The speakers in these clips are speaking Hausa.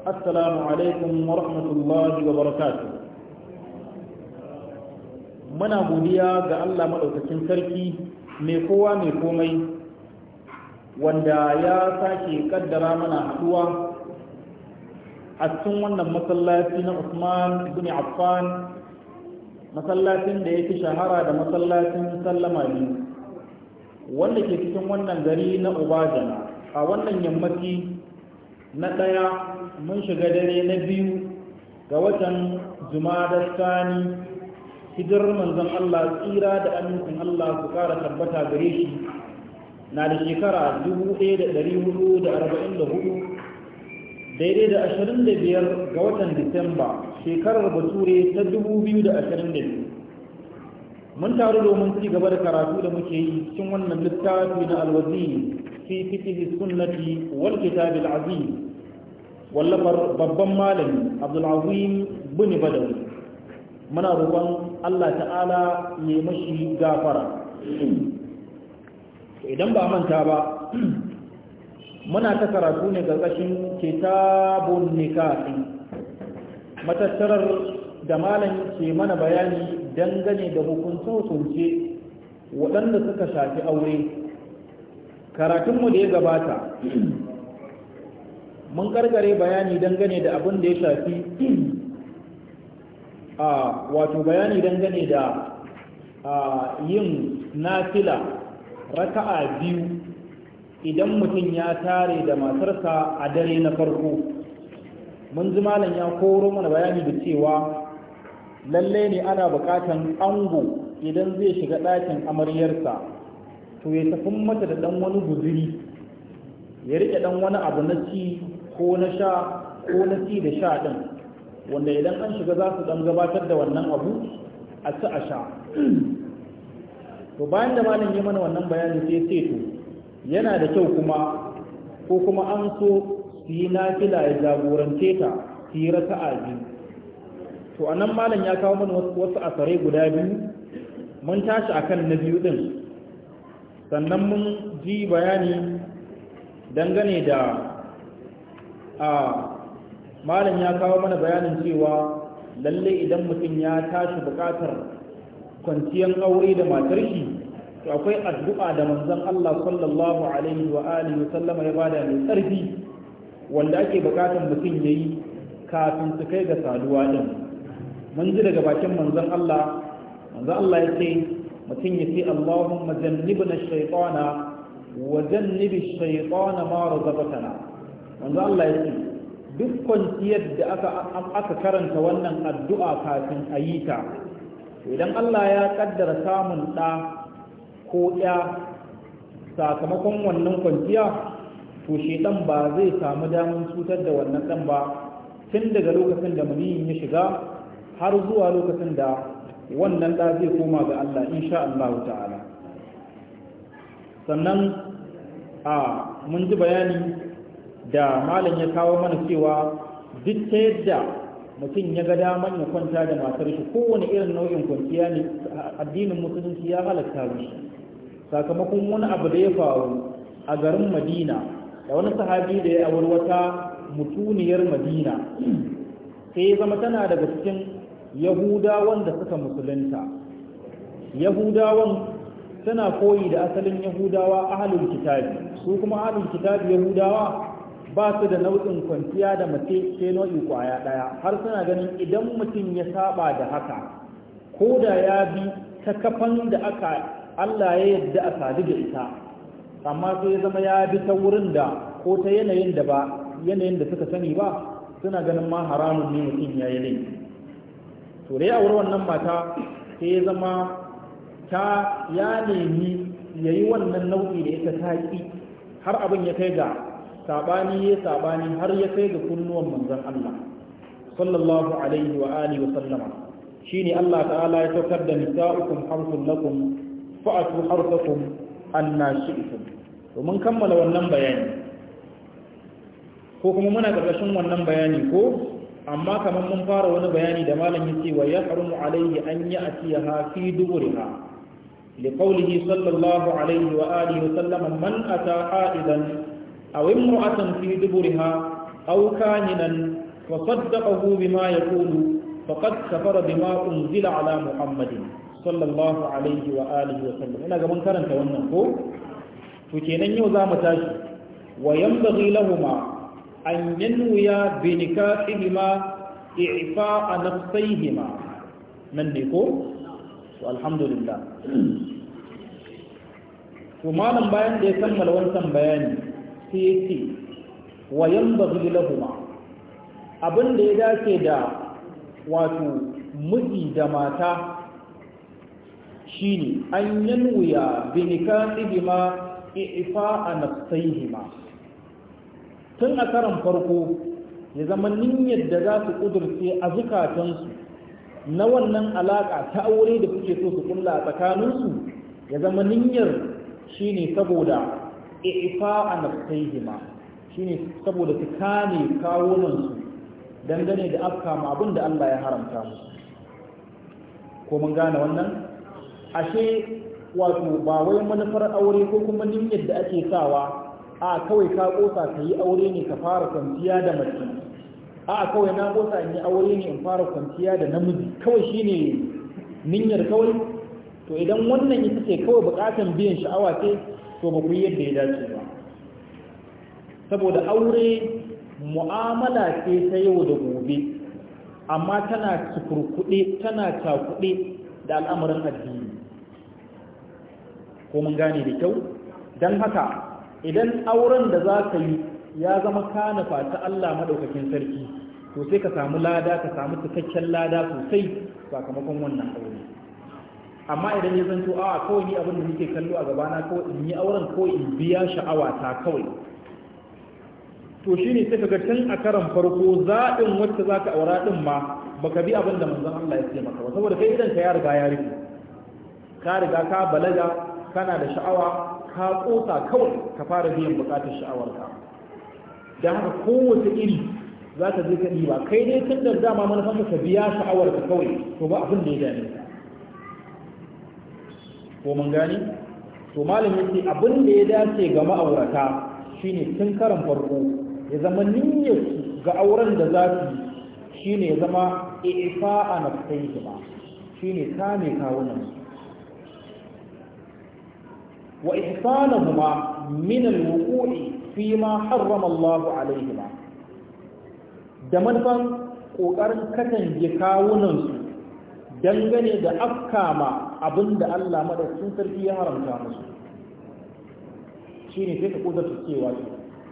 السلام alaikum wa rahmatullahi wa barakatuh muna godiya ga Allah madaukakin sarki mai kowa mai komai wanda ya sake kaddara mana haduwa a cikin wannan masallaci na Usman ibn Affan masallacin da ya fi shahara da masallacin sallama ne wanda ke cikin wannan gari na Ubajana a wannan yammaci na ɗaya mun shiga dare na biyu ga watan da sani hijirar manzon Allah tsira da amincin Allah su kara tabbata gare shi na da shekara 1444 daidai da 25 ga watan disamba shekarar bature ta 2022 mun taru domin ci gaba da karatu da muke yi cikin wannan littafi na alwazi fi fiqh sunnati wal kitab azim wallafar babban malami abdulazim bin badawi muna roƙon Allah ta'ala ya mashi gafara idan ba manta ba muna ta karatu ne gargashin kitabun nikahi matattarar da malam ke mana bayani dangane da hukunce-hukunce waɗanda suka shafi aure karatunmu da ya gabata mun karkare bayani dangane da abin da ya shafi a wato bayani dangane da yin nafila raka'a biyu idan mutum ya tare da matarsa a dare na farko mun ji malam ya koro mana bayani da cewa lalle ne ana bukatan ango idan zai shiga ɗakin amaryarsa to ya tafi mata da ɗan wani guziri ya riƙe ɗan wani abu na ci ko na sha ko na ci da sha ɗin wanda idan an shiga za su ɗan gabatar da wannan abu a ci a sha to bayan da malam yi mana wannan bayani sai ce to yana da kyau kuma ko kuma an so su yi nafila ya jagorance ta su yi raka'a biyu to a nan malam ya kawo mana wasu asarai guda biyu mun tashi akan na biyu ɗin sannan mun ji bayani dangane da a malam ya kawo mana bayanin cewa lalle idan mutum ya tashi buƙatar kwanciyar aure da matar shi to akwai addu'a da manzon Allah sallallahu alaihi wa alihi wa sallama ya bada mai tsarki wanda ake buƙatar mutum yayi kafin su kai ga saduwa din mun ji daga bakin manzon Allah manzon Allah ya ce mutum ya ce Allahumma jannibna shaytana wa jannibi shaytana ma razaqtana wanzu Allah ya ce duk kwanciyar da aka karanta wannan addu'a kafin a yi ta idan Allah ya kaddara samun ɗa ko ɗa sakamakon wannan kwanciya to ɗan ba zai samu damar cutar da wannan ɗan ba tun daga lokacin da muliyin ya shiga har zuwa lokacin da wannan ɗa zai koma ga Allah insha Allah ta'ala sannan a mun ji bayani da malam ya kawo mana cewa duk ta yadda mutum ya ga daman ya kwanta da matar shi kowane irin nau'in kwanciya ne addinin musulunci ya halatta mishi sakamakon wani abu da ya faru a garin madina da wani sahabi da ya auri wata mutuniyar madina sai ya zama tana daga cikin yahudawan da suka musulunta yahudawan tana koyi da asalin yahudawa ahalin kitabi su kuma ahalin kitabi yahudawa ba su da nau'in kwanciya da mace sai nau'i kwaya ɗaya har suna ganin idan mutum ya saba da haka ko da ya bi ta kafan da aka Allah ya yadda a sadu da ita amma sai ya zama ya bi ta wurin da ko ta yanayin da ba yanayin da suka sani ba suna ganin ma haramun ne mutum ya yi laifi to dai a wurin wannan mata sai ya zama ta ya nemi ya yi wannan nau'i da ita ta har abin ya kai ga sabani ya sabani har ya kai ga kunnuwan manzon Allah sallallahu alaihi wa alihi wa sallama shine Allah ta'ala ya saukar da nisa'ukum harfun lakum fa'atu harfakum anna shi'tum to mun kammala wannan bayani ko kuma muna karkashin wannan bayani ko amma kamar mun fara wani bayani da malam yace wa yahrumu alaihi an ya'tiha fi duburiha liqawlihi sallallahu alaihi wa alihi wa sallama man ata aidan أو امرأة في دبرها أو كاننا وصدقه بما يقول فقد سفر بما أنزل على محمد صلى الله عليه وآله وسلم إنا قبل كرن تونا هو فكينن يوزا وينبغي لهما أن ينويا بنكاحهما إعفاء نفسيهما من ننكو والحمد لله وما لم بيان دي سمى لون سم بياني sai ya ce wa lahuma abin da ya dace da wato miji da mata shine an yanwuya bi nikahihima a nafsayhima tun a karan farko ya zama niyyar da za su kudurce a zukatansu na wannan alaƙa ta aure da kuke so su kulla a tsakaninsu ya zama niyyar shine saboda ifa'a nafsaihima ne saboda su kame kawunan su dangane da afka ma abin da Allah ya haramta musu ko mun gane wannan ashe wato ba wai manufar aure ko kuma niyyar da ake sawa a kawai ka kosa ka yi aure ne ka fara kwanciya da mace a kawai na kosa in yi aure ne in fara kwanciya da namiji kawai shine niyyar kawai to idan wannan ita ce kawai bukatan biyan sha'awa ce to ba ku yadda ya dace ba saboda aure mu'amala ce ta yau da gobe amma tana cikurkuɗe tana cakuɗe da al'amarin addini ko mun gane da kyau don haka idan auren da za ka yi ya zama kana ta Allah maɗaukakin sarki to ka samu lada ka samu cikakken lada sosai sakamakon wannan aure amma idan ya zanto a kawai ni abin da nake kallo a gabana kawai in yi auren kawai in biya sha'awa ta kawai to shine sai ga tun a karan farko zaɓin wacce za ka aura ɗin ma baka bi abin da manzon Allah ya ce maka ba saboda kai idan ka ya riga ya riga ka riga ka balaga kana da sha'awa ka kosa kawai ka fara biyan bukatar sha'awarka dan haka kowace iri za ta je ka ɗiba kai dai tun da dama manufanka ka biya sha'awarka kawai to ba abin da ya dame ka ko mun gani to malam yace abin da ya dace ga ma'aurata shine tun karan farko ya zama niyyar ga auren da za su shine ya zama ifa'a nafsaihima shine kame kawunan wa ihsanuhuma min al-wuqu'i fi ma harrama Allah alayhima da manufan kokarin katange kawunan su dangane da afkama da Allah sun sarki ya haramta musu Shi ne sai ka su cewa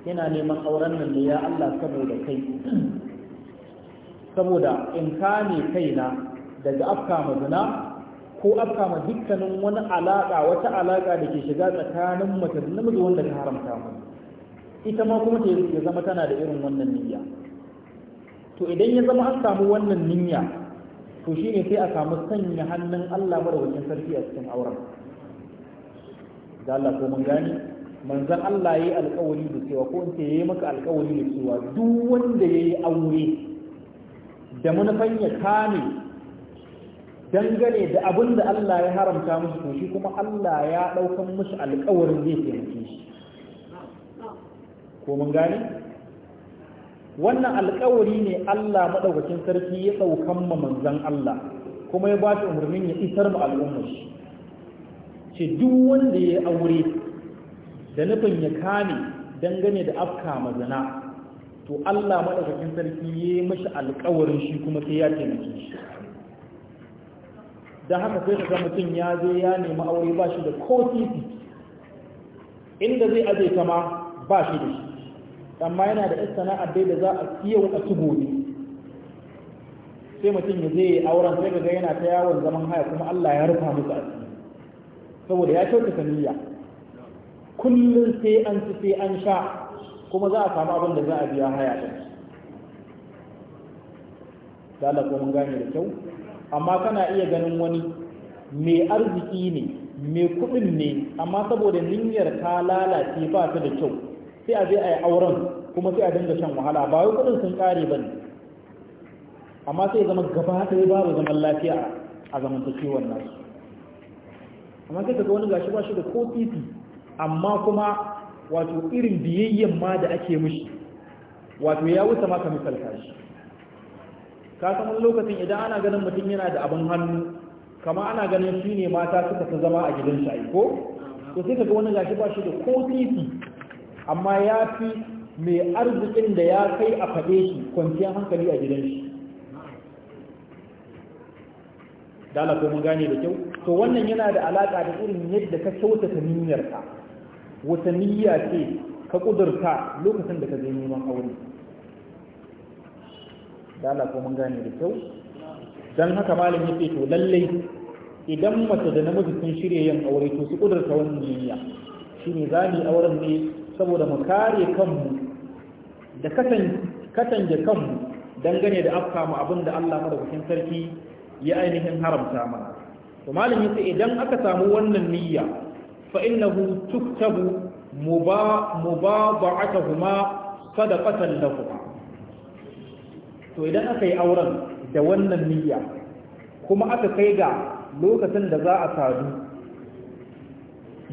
yana neman auren nan da ya Allah saboda kai saboda in kame kaina daga afka mazina ko afka ma dukkanin wani alaka wata alaƙa da ke shiga tsakanin mace da namiji wanda ka haramta mu ita ma kuma ta yi zama tana da irin wannan niyya to idan ya zama an samu wannan niyya to ne sai a samu sanya hannun Allah madawacin sarki a cikin auren da Allah ko mun gani manzan Allah yi alkawari da cewa ko in ce ya yi maka alkawari da cewa duk wanda ya yi aure da manufan ya kame dangane da abin da Allah ya haramta musu to shi kuma Allah ya ɗaukan musu alkawarin zai taimake shi ko mun gani wannan alƙawari ne Allah madaukakin sarki ya saukan ma manzon Allah kuma ya ba shi umarnin ya isar ma al'ummar shi ce duk wanda ya aure da nufin ya kame dangane da afka mazana to Allah madaukakin sarki ya yi mashi alƙawarin shi kuma sai ya taimake shi da haka sai ka mutum ya zo ya nemi aure ba shi da ko inda zai aje ta ma ba shi da shi amma yana da ɗan sana'ar dai da za a iya a ci gobe sai mutum ya je auren sai ga yana ta yawon zaman haya kuma Allah ya rufa musu ciki saboda ya kyautata niyya kullum sai an ci sai an sha kuma za a samu abin da za a biya haya da Allah kuma gane da kyau amma kana iya ganin wani mai arziki ne mai kuɗin ne amma saboda niyyar ta lalace ba ta da kyau sai a je a yi auren kuma sai a dinga shan wahala ba wai kudin sun kare ba ne amma sai zama gaba ɗaya babu zaman lafiya a zaman zamantakewar nasu amma sai kaga wani gashi ba shi da ko titi amma kuma wato irin biyayyen ma da ake mishi wato ya wuce ma ka misalta shi ka san wani lokacin idan ana ganin mutum yana da abin hannu kama ana ganin shi ne mata suka ta zama a gidan shi ko to sai kaga wani gashi ba shi da ko titi amma ya fi mai arzikin da ya kai a faɗe shi kwanciyar hankali a gidan shi dala ko mun gane da kyau to wannan yana da alaƙa da irin yadda ka kyautata niyyarka wata niyya ce ka ƙudurta lokacin da ka je neman aure dala ko mun gane da kyau don haka malam ya ce to lallai idan mace da namiji sun shirya yin aure to su ƙudurta wannan niyya shine za mu auren ne saboda mu kare kanmu da katange kanmu dangane da afka mu abin da Allah madaukakin sarki ya ainihin haramta mana to malamin yace idan aka samu wannan niyya fa innahu tuktabu mubada'atuhuma sadaqatan lahum to idan aka yi auren da wannan niyya kuma aka kai ga lokacin da za a sadu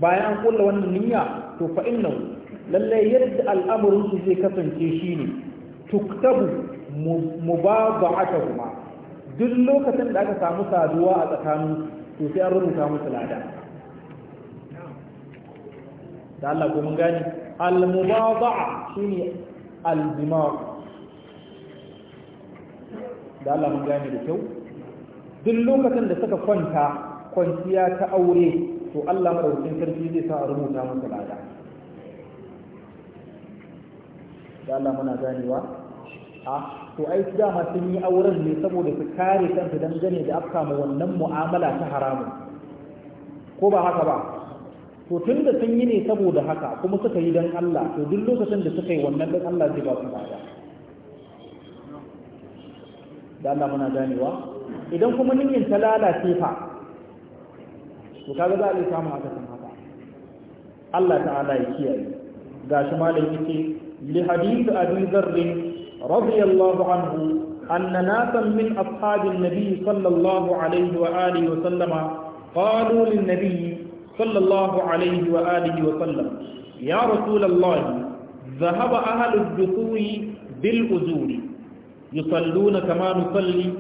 bayan an kulla wannan niyya to fa innahu lallai yadda al'amarin zai kasance shi shine tuktabu mubada'atuhuma duk lokacin da aka samu saduwa a tsakanin to sai an rubuta musu lada da Allah ko mun gani al shi ne al-dimar da Allah mun gani da kyau duk lokacin da suka kwanta kwanciya ta aure to Allah madaukakin sarki zai sa a rubuta musu lada da Allah muna ganewa a to ai dama sun yi auren ne saboda su kare kansu dangane da afka mu wannan mu'amala ta haramun ko ba haka ba to tun da sun yi ne saboda haka kuma suka yi dan Allah to duk lokacin da suka yi wannan dan Allah zai ba su ba da Allah muna ganewa idan kuma niyyar ta lalace fa to kaga za a yi samun akasin haka Allah ta'ala ya kiyaye shi malam yake لحديث أبي ذر رضي الله عنه أن ناسا من أصحاب النبي صلى الله عليه وآله وسلم قالوا للنبي صلى الله عليه وآله وسلم يا رسول الله ذهب أهل الدخول بالأزول يصلون كما نصلي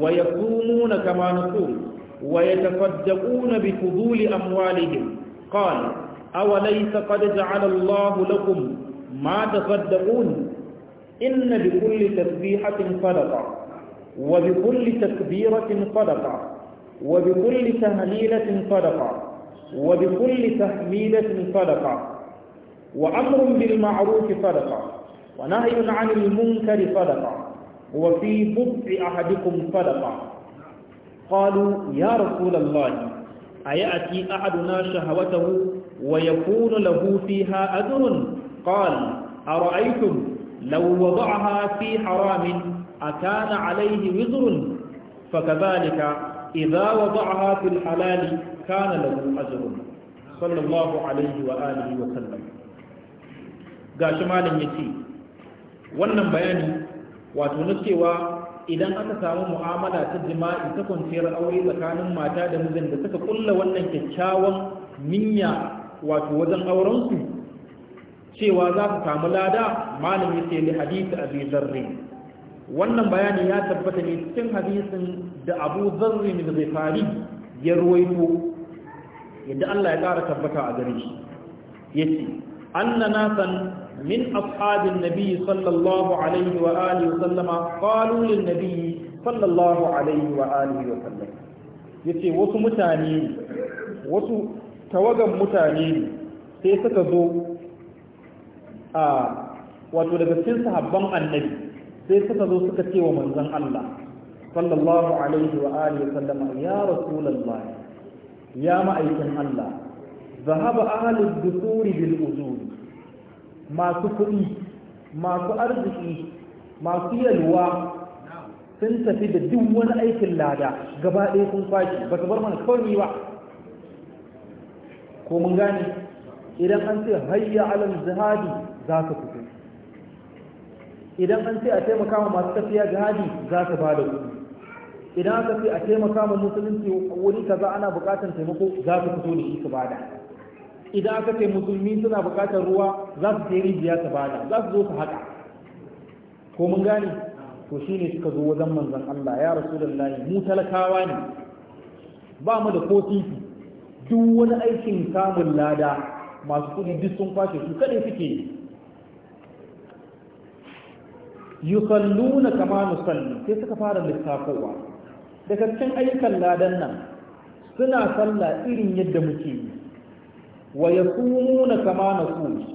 ويصومون كما نصوم ويتصدقون بفضول أموالهم قال أوليس قد جعل الله لكم ما تصدقون إن بكل تسبيحة صدقة وبكل تكبيرة صدقة وبكل تهليلة صدقة وبكل تحميلة صدقة وأمر بالمعروف صدقة ونهي عن المنكر صدقة وفي بضع أحدكم صدقة قالوا يا رسول الله أيأتي أحدنا شهوته ويكون له فيها أجر قال أرأيتم لو وضعها في حرام أكان عليه وزر فكذلك إذا وضعها في الحلال كان له أجر صلى الله عليه وآله وسلم shi malam yace wannan bayani wato na cewa idan aka samu mu'amala ta jima'i ta kwanciyar aure tsakanin mata da mijin da suka kulla wannan kyakkyawan minya wato wajen aurensu cewa za su samu lada malami ce li hadisi abi zarri wannan bayani ya tabbata ne cikin hadisin da abu zarri zai zifari ya ruwaito yadda Allah ya ƙara tabbata a gare shi yace anna nasan min ashabin nabi sallallahu alaihi wa alihi wa sallama qalu lin nabi sallallahu alaihi wa alihi wa sallam yace wasu mutane wasu tawagan mutane sai suka zo wato daga cikin sahabban annabi sai suka zo suka ce wa manzon Allah sallallahu alaihi wa alihi sallam ya rasulullah ya ma'aikin Allah zahaba ahlud dusuri bil uzur masu kuɗi masu arziki masu yalwa sun tafi da duk wani aikin lada gaba ɗaya sun kwashi ba ka bar mana kawai ba ko mun gane idan an ce hayya alal jihadi za ka fito idan an ce a taimaka ma masu tafiya jihadi za ka ba da kuɗi idan aka ce a taimaka ma musulunci wuri kaza ana buƙatar taimako za ka fito da shi ka bada idan aka ce musulmi suna buƙatar ruwa za su je rijiya ka bada za su zo su haƙa ko mun gane to shi ne suka zo wajen manzon Allah ya rasulullahi mu talakawa ne ba mu da ko duk wani aikin samun lada masu kudi duk sun kwashe su kaɗai suke yusalluna kama nusalli sai suka fara lissafowa daga cikin ayyukan ladan nan suna sallah irin yadda muke yi wa yasumuna kama nasu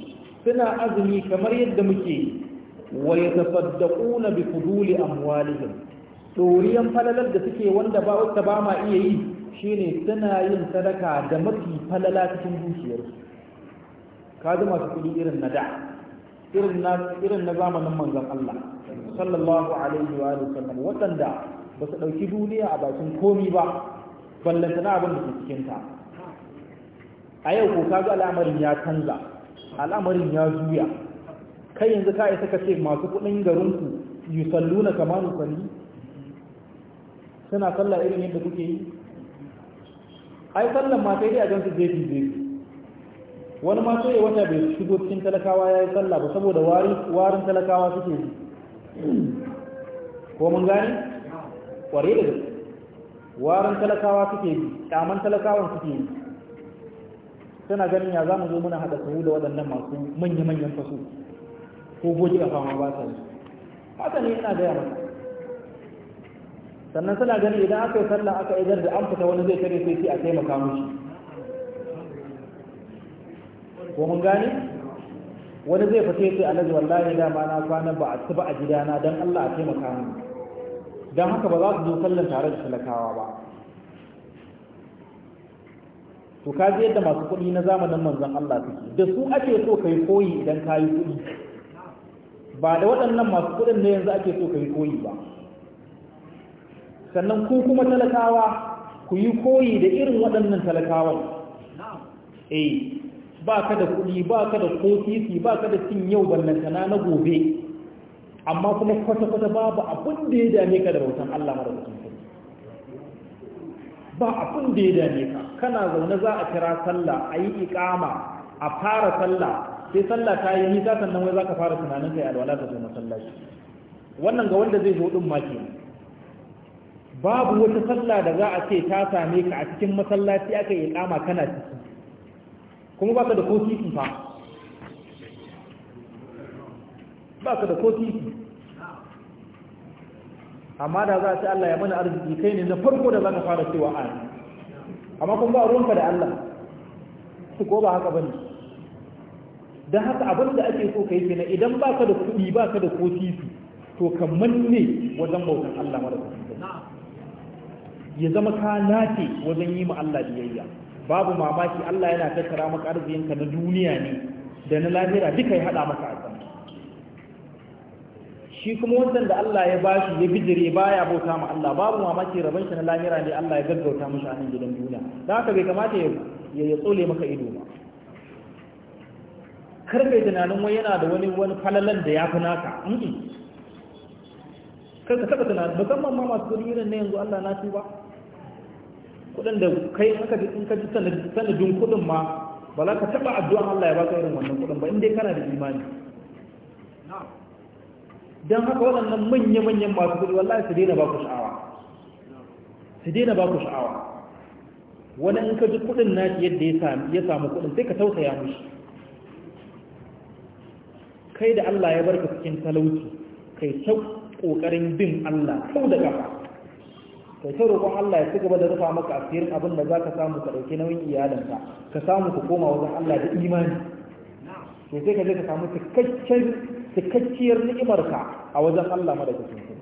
suna azumi kamar yadda muke yi wa na bi fuduli amwalihim toriyan falalar da suke wanda ba wata ba ma iya yi shine suna yin sadaka da mafi falala cikin dukiyarsu zama masu kuɗi irin na da irin na zamanin mangan Allah sallallahu alaihi wa sallam waɗanda ba su ɗauki duniya a bakin komi ba na abin da ke ta a yau ko kaga al'amarin ya canza al'amarin ya juya kai yanzu ka isa ka ce masu kuɗin garinku salluna kamar yusalli suna sallah irin yadda kuke yi ai sallan ma sai dai a gansu jefi jefi wani ma sai wata bai shigo cikin talakawa ya yi sallah ba saboda warin talakawa suke yi ko mun gane kware da gaske warin talakawa suke yi kaman talakawan suke yi Suna ganin ya za mu zo muna haɗa sahu da waɗannan masu manya-manyan faso ko goji a fama ba sa yi haka ne yana gaya masa sannan suna ganin idan aka yi sallah aka idar da an fita wani zai kare sai a taimaka mushi ko mun gane wani zai fita ya ce alhaji wallahi ma na kwana ba a ci ba a gidana don Allah a taimaka mu don haka ba za su zo sallan tare da talakawa ba to ka ji yadda masu kuɗi na zamanin manzon Allah suke da su ake so kai koyi idan ka yi kuɗi ba da waɗannan masu kuɗin ne yanzu ake so kai koyi ba sannan ku kuma talakawa ku yi koyi da irin waɗannan talakawan eh ba ka da kuɗi ba ka da kofisi ba ka da cin yau ballantana na gobe amma kuma kwata-kwata babu abin da ya dame ka da rautan Allah mara da kuma ba abin da ya dame ka kana zaune za a kira sallah a yi iƙama a fara sallah sai sallah ta yi nisa sannan wai za ka fara tunanin kai alwala ta zo masallaci wannan ga wanda zai zo din ma ke babu wata sallah da za a ce ta same ka a cikin masallaci aka yi ikama kana ciki kuma ba ka da kotiki ba ba ka da kotiki amma da za a ce Allah ya mana arziki kai ne na farko da za ka fara cewa a amma kuma ba ruwanka da Allah su ko ba haka bane don haka abin da ake so kai kenan idan ba ka da kuɗi ba ka da kotiki to kamar ne wajen bautan Allah mara kuɗi ya zama ka nace wajen yi ma Allah biyayya babu mamaki Allah yana tattara maka arzikinka na duniya ne da na lahira duka ya hada maka a shi kuma wannan da Allah ya bashi ya bijire baya bauta ma Allah babu mamaki rabon shi na lahira ne Allah ya gaggauta masa a gidan duniya dan haka bai kamata ya ya tsole maka ido ba kar kai tunanin wai yana da wani wani falalan da ya fi naka kar ka taba tunanin musamman ma masu irin na yanzu Allah na ci ba kudin da kai haka in ka ji sanadin kudin ma ba za ka taba addu'an Allah ya baka irin wannan kudin ba in dai kana da imani dan haka waɗannan manya-manyan masu kudi wallahi su daina baku sha'awa su daina ku sha'awa wani in ka ji kudin na yadda ya samu kudin sai ka tausaya mushi kai da Allah ya barka cikin talauci kai ta kokarin bin Allah sau da kafa kai ta roƙon Allah ya ci gaba da rufa maka asirin abin da ka samu ka ɗauki nauyin iyalinka ka samu ku koma wajen Allah da imani to sai ka je ka samu cikakken cikakkiyar ni'imarka a wajen Allah madaukakin sarki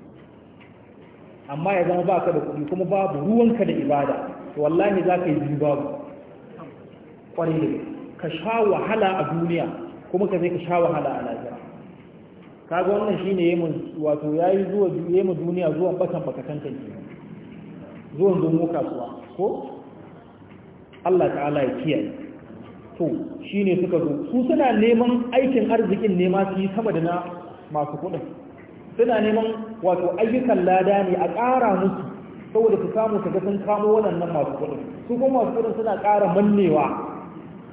amma ya zama baka da kuɗi kuma babu ruwanka da ibada to wallahi za ka yi biyu babu kwarai da ka sha wahala a duniya kuma ka zai ka sha wahala a lafiya kaga wannan shine yayin wato yayi zuwa yayin duniya zuwa bakan bakatan kenan zuwan zumu kasuwa ko Allah ta'ala ya kiyaye to ne suka zo su suna neman aikin arzikin nema su yi sama da na masu kudin suna neman wato ayyukan lada ne a ƙara musu saboda su samu su ga sun kamo waɗannan masu kudin su kuma masu kudin suna ƙara mannewa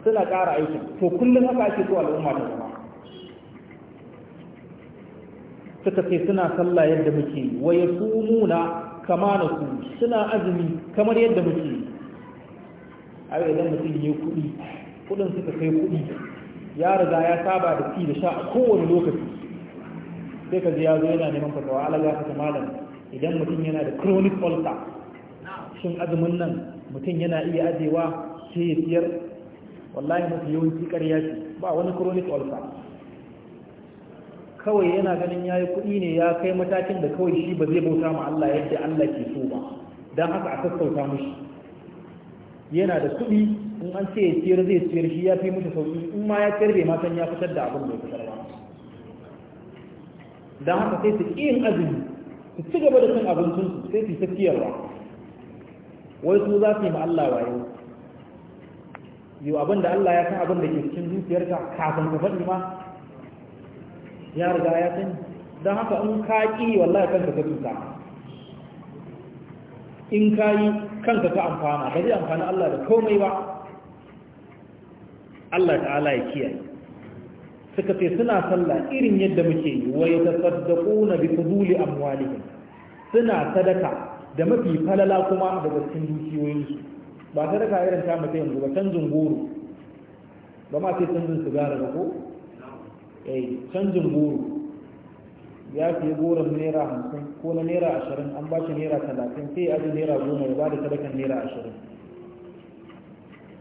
suna ƙara aikin to kullum haka ake so al'umma da zama suka ce suna sallah yadda muke wa ya sumuna kama na ku suna azumi kamar yadda muke a yau idan mutum ya kuɗi kuɗin suka kai kuɗi ya riga ya saba da fi da sha a kowane lokaci sai ka ya zo yana neman fatawa alaga ta malam idan mutum yana da chronic ulcer shin azumin nan mutum yana iya ajewa sai ya siyar wallahi mafi yawanci ƙarya ce ba wani chronic ulcer kawai yana ganin ya yi kuɗi ne ya kai matakin da kawai shi ba zai bauta ma Allah yadda Allah ke so ba don haka a sassauta mushi yana da kuɗi in an ce siyar zai siyar shi ya fi mushi sauƙi in ma ya karbe matan ya fitar da abin ya fitar ba don haka sai su ƙi yin azumi su ci gaba da cin su sai su yi tafiyarwa wai su za su yi ma Allah wayo yau abin da Allah ya san abin da ke cikin zuciyarka kafin ka faɗi ma ya riga ya san don haka in ka ƙi wallahi kanka ka tuta in ka yi kanka ka amfana ba zai amfani Allah da komai ba Allah ta'ala ya kiyaye suka ce suna sallah irin yadda muke yi wa ya tasaddaquna bi fuduli amwalihim suna sadaka da mafi falala kuma daga cikin dukiyoyinsu ba sadaka irin ta mutum ba canjin goro ba ma sai canjin sigara ba ko Eh, canjin goro ya fi goron naira hamsin ko na naira ashirin an ba shi naira talatin sai ya naira goma ya ba da sadakan naira ashirin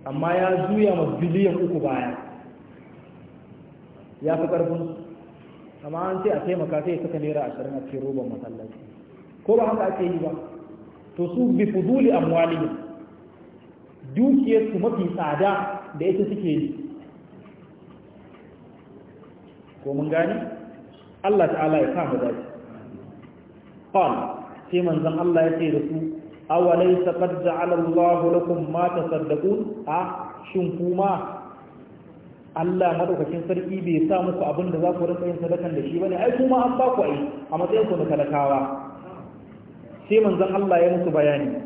amma ya juya ma biliyan uku baya ya fi karfin? amma an ce a taimaka sai ya saka naira ashirin a cikin roban masallaci ko ba haka ake yi ba to su bi fuduli dukiyar su mafi tsada da ita suke yi ko mun gani Allah ta'ala ya kama dace qal sai manzon Allah ya ce da su awalaysa qad ja'ala Allahu lakum ma tasaddaqun a shin kuma Allah madaukakin sarki bai sa muku abin da za ku rinka yin sadakan da shi bane ai kuma an ba ku ai a matsayin ku na talakawa sai manzon Allah ya musu bayani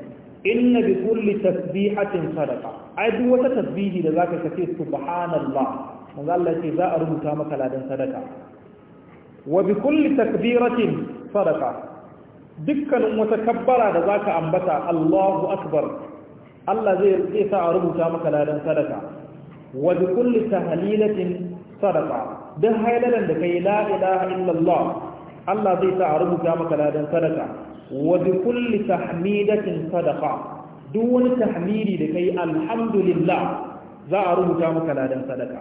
inna bi kulli tasbihatin sadaqa ai duk wata tasbihi da zaka kace subhanallah manzo Allah ce za a rubuta maka ladan sadaka wa bi kulli takbiratin sadaqa dukkanin wata kabbara da zaka ambata Allahu akbar Allah zai zai sa a rubuta maka ladan sadaka wa bi kulli tahlilatin duk hailalan da kai la ilaha illallah Allah zai sa a rubuta maka ladan sadaka wa bi kulli tahmidatin duk wani tahmidi da kai alhamdulillah za a rubuta maka ladan sadaka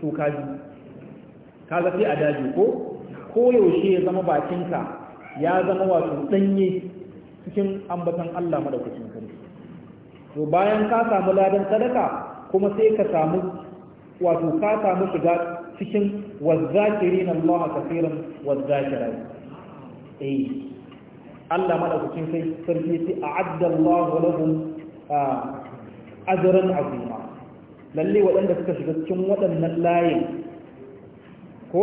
su kaji kaga sai a daji ko ko yaushe ya zama bakinka ya zama wato danye cikin ambatan Allah madaukakin sarki to bayan ka samu ladan sadaka kuma sai ka samu wato ka samu shiga cikin wazzakirin Allah kafiran wazzakirai eh Allah madaukakin sarki sai a'adda Allah lahum ah, ajran azima lalle waɗanda suka shiga cikin waɗannan layin ko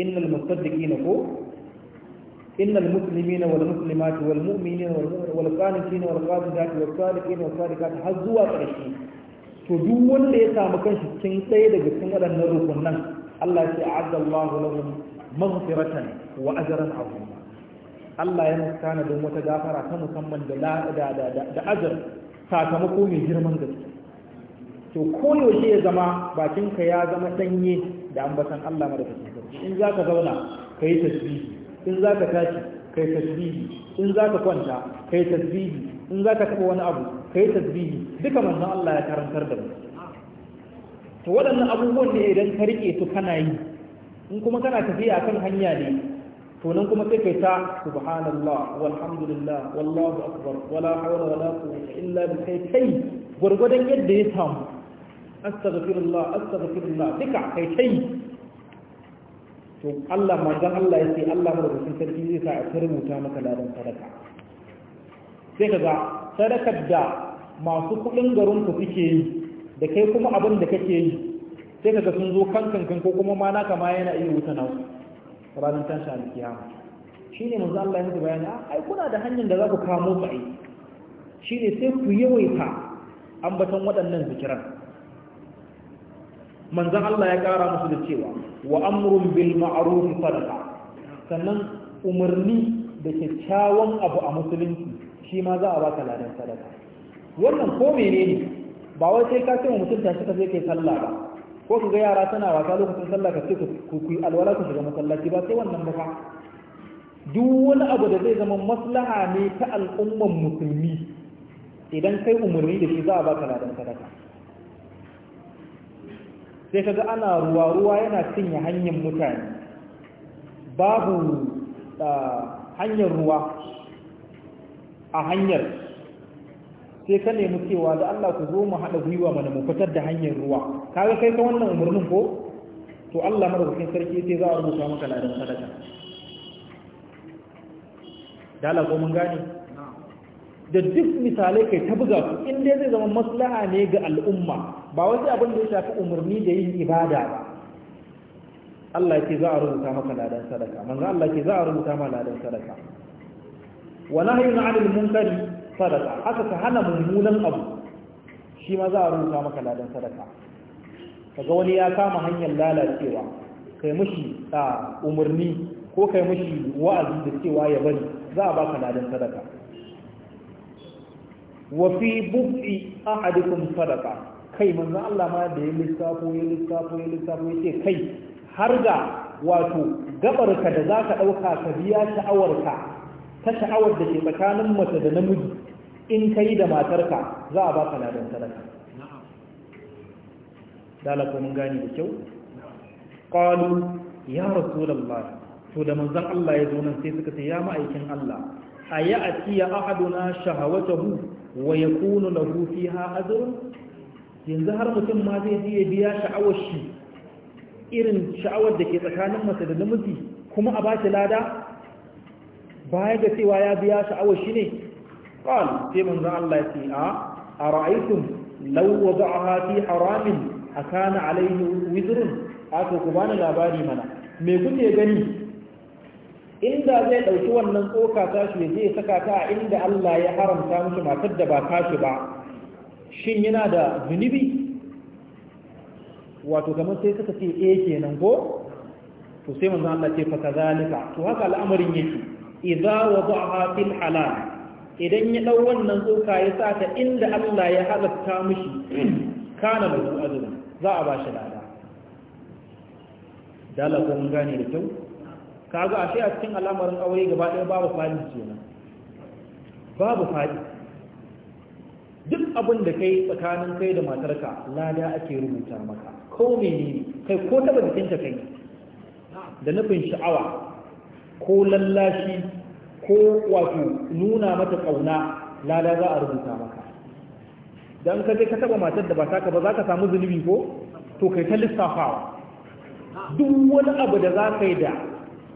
innal musaddiqina ko innal muslimina wal muslimati wal mu'minina wal qanitina wal qanitati wal sadiqina wal sadiqati har zuwa ƙarshe to duk wanda ya samu kanshi cikin tsaye daga cikin waɗannan rukunan Allah ya a'adda Allahu lahum maghfiratan wa ajran azima Allah ya mutana don wata gafara ta musamman da da da da ajr sakamako mai girman gaske to koyaushe ya zama bakinka ya zama danye da ambatan Allah madaukakin sarki in za ka zauna ka yi tasbihi in za ka tashi ka yi tasbihi in za ka kwanta ka yi tasbihi in za ka taɓa wani abu ka yi tasbihi duka manzon Allah ya karantar da mu to waɗannan abubuwan ne idan ka riƙe su kana yi in kuma kana tafiya kan hanya ne to nan kuma sai kai ta subhanallah walhamdulillah wallahu akbar wala hawla wala quwwata illa billah kai gurgurdan yadda ya samu astaghfirullah astaghfirullah duka kai kai to Allah manzon Allah ya ce Allah madaukakin sarki zai sa a tarmuta maka ladan sadaka sai kaga sadakar da masu kuɗin garin ku kike yi da kai kuma abin da kake yi sai kaga sun zo kan kankan ko kuma ma naka ma yana iya wuta nasu ranar tashi alkiyama shine manzo Allah ya muku bayani ah, ai kuna da hanyar da za ku kamo su ai shine sai ku yawaita ambaton waɗannan zikiran manzon Allah ya kara musu da cewa wa amrun bil ma'ruf sadaqa sannan umarni da kyakkyawan abu a musulunci shi ma za a ba ka ladan sadaka wannan ko menene ba wai sai ka cewa mutum ta ka sai kai sallah ba ko ku ga yara tana wasa lokacin sallah ka ce ku ku alwala ku shiga masallaci ba sai wannan ba duk wani abu da zai zama maslaha ne ta al'umman musulmi idan kai umarni da shi za a ba baka ladan sadaka sai kaga ana ruwa ruwa yana cinye hanyar mutane babu hanyar ruwa a hanyar sai ka nemi cewa da Allah ku zo mu haɗa gwiwa mana mu fitar da hanyar ruwa kaga kai ka wannan umarnin ko to Allah madaukakin sarki sai za a rubuta maka ladan sadaka dala ko mun gane da duk misalai kai ta buga su in dai zai zama maslaha ne ga al'umma ba wasu abin da ya shafi umarni da yin ibada ba Allah ke za a rubuta maka ladan sadaka manzo Allah ke za a rubuta maka ladan sadaka wa nahyu 'anil munkari sadaka haka ka hana mummunan abu shi ma za a rubuta maka ladan sadaka kaga wani ya kama hanyar lalacewa kai mushi umarni ko kai mushi wa'azi da cewa ya bari za a baka ladan sadaka wa fi bufi ahadikum sadaqa kai manzo Allah ma da ya lissafo ya lissafo ya lissafo yace kai har ga wato gabarka da zaka dauka ka biya sha'awarka ta sha'awar da ke tsakanin mace da namiji in kai da matarka za a ba ka ladan sadaka Dalaka mun gani da kyau qalu ya rasulullah to da manzon Allah ya zo nan sai suka ce ya ma'aikin Allah aya atiya ahaduna shahawatahu wa ya kuna lahu ha azurin? yanzu har mutum ma zai je ya biya sha'awar shi irin sha'awar da ke tsakanin mace da namiji kuma a baki lada baya ga cewa ya biya sha'awar shi ne qal sai manzo Allah ya ce a ara'aytum law wada'aha fi haramin akana alayhi wizrun aka ku bani labari mana me kuke gani inda zai ɗauki wannan tsoka ta shi zai saka ta a inda Allah ya haramta musu matar da ba tashi ba shin yana da zunubi wato kamar sai suka ce eh kenan ko to sai manzo Allah ce fa kazalika to haka al'amarin yake idza wada'a fil halal idan ya dau wannan tsoka ya sa inda Allah ya halatta mushi kana da azumi za a ba shi lada dala kun gane da kyau kaga ashe a cikin al'amarin aure gaba ɗaya babu fadi kenan babu fadi duk abin da kai tsakanin kai da matarka lada ake rubuta maka ko menene kai ko taba jikinta kai da nufin sha'awa ko lallashi ko wato nuna mata kauna lada za a rubuta maka dan ka je ka taba matar da ba ka ba za ka samu zunubi ko to kai ta lissafawa duk wani abu da za ka yi da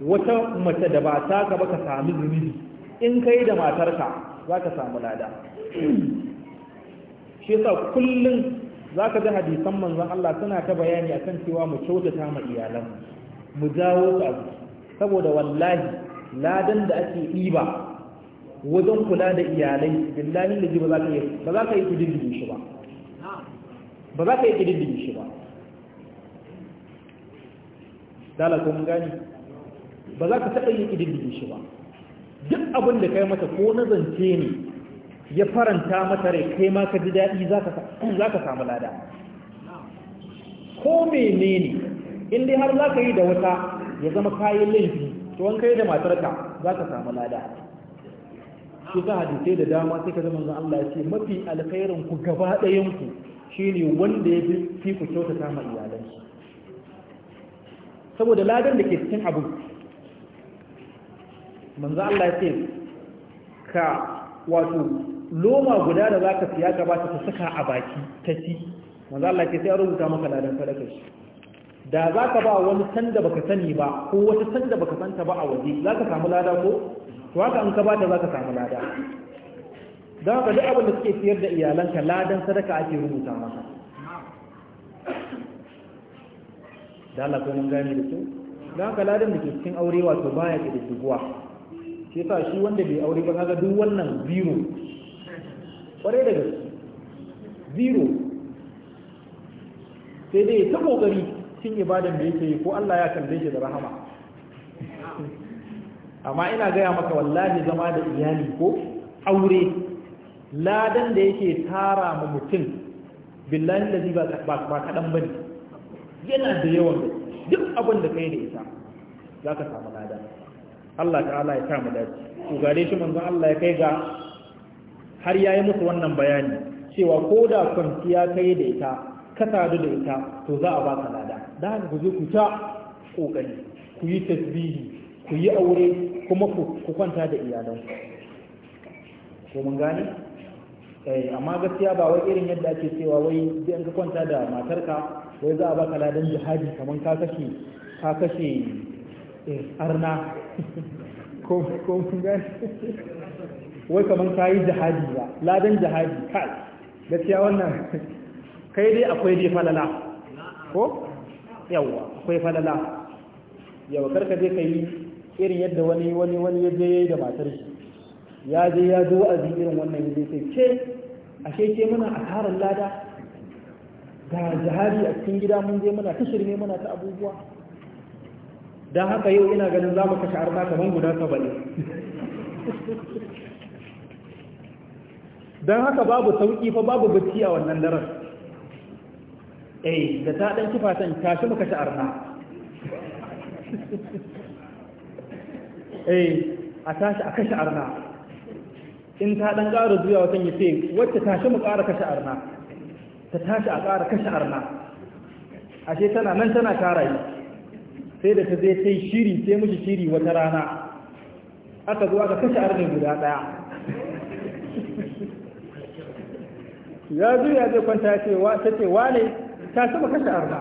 wata mace da ba ta ka ba ka sami zunubi in kai da matarka za ka samu lada shi yasa kullum za ka ji hadisan manzon Allah suna ta bayani akan cewa mu kyautata ma iyalanmu mu jawo su saboda wallahi ladan da ake ɗiba wajen kula da iyalai billahi da ji ba za ka yi kudin shi ba ba za ka yi kudin shi ba dala kun gani ba za ka taɓa yin idin shi ba duk abin da kai mata ko na zance ne ya faranta mata rai kai ma ka ji daɗi za ka samu lada ko menene in dai har za ka yi da wata ya zama kayan laifi to an kai da matarka za ka samu lada shi za hadisai da dama sai ka zama zan Allah ce mafi alkhairin ku gaba ɗayanku ku shine wanda ya fi ku kyautata ma iyalansu saboda ladan da ke cikin abu manzo Allah ya ce ka wato loma guda da zaka siya ba ta saka a baki ta ci manzo Allah ya sai a rubuta maka ladan sadakar shi da za ka ba wani sanda baka sani ba ko wata sanda baka santa ba a waje za ka samu lada ko to haka an ka ba ta za ka samu lada don haka duk abin da suke siyar da iyalanka ladan sadaka ake rubuta maka da Allah ko mun gane da su don haka ladan da ke cikin aure wato baya ke da duguwa shi sa shi wanda bai aure ba kaga duk wannan zero kware da gaske zero sai dai ta kokari cin ibadan da yake yi ko Allah ya kalle shi da rahama amma ina gaya maka wallahi zama da iyali ko aure ladan da yake tara ma mutum billahi da ba ba kaɗan ba ne yana da yawan duk abin da kai da ita zaka samu ladan Allah ta'ala ya sa mu dace ku gare shi manzon Allah ya kai ga har yayi musu wannan bayani cewa ko da kwanciya kai da ita ka sadu da ita to za a baka lada da haka ku je ku ta kokari ku yi tasbihi ku yi aure kuma ku kwanta da iyalanku ko mun gane eh, amma gaskiya ba wai irin yadda ake cewa wai an ka kwanta da matarka wai za a baka ladan jihadi kamar ka kashe ka kashe Eh, arna ko kun gani wai kamar ka yi jihadi ba ladan jihadi kai gaskiya wannan kai dai akwai dai falala ko yawa akwai falala yawa karka dai ka yi irin yadda wani wani wani ya je da matar shi ya je ya zo a irin wannan ya sai ce ashe ke muna a tarin lada ga jihadi a cikin gida mun je muna ta shirme muna ta abubuwa don haka yau ina ganin za mu kashe arna kamar guda ne. don haka babu sauƙi fa babu bacci a wannan daren eh da ta ɗan kifatan tashi mu kashe arna eh a tashi a kashe arna in ta ɗan ƙara zuwa watan ya ce wacce tashi mu ƙara kashe arna ta tashi a ƙara kashe arna ashe tana nan tana kara yi sai da ta zai kai shiri sai miji shiri wata rana aka zo aka kashe arna guda ɗaya ya juya zai kwanta ta ce ne ta saba kashe arna